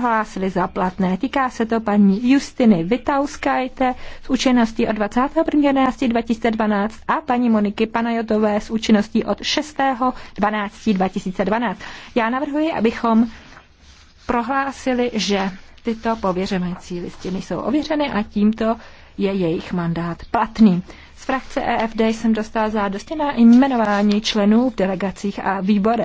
prohlásili za platné. Týká se to paní Justiny Vitauskajte s účinností od 21.11.2012 a paní Moniky Panajotové s účinností od 6.12.2012. Já navrhuji, abychom prohlásili, že tyto pověřenecí listiny jsou ověřeny a tímto je jejich mandát platný. Z frakce EFD jsem dostal zádosti na jmenování členů v delegacích a výborech.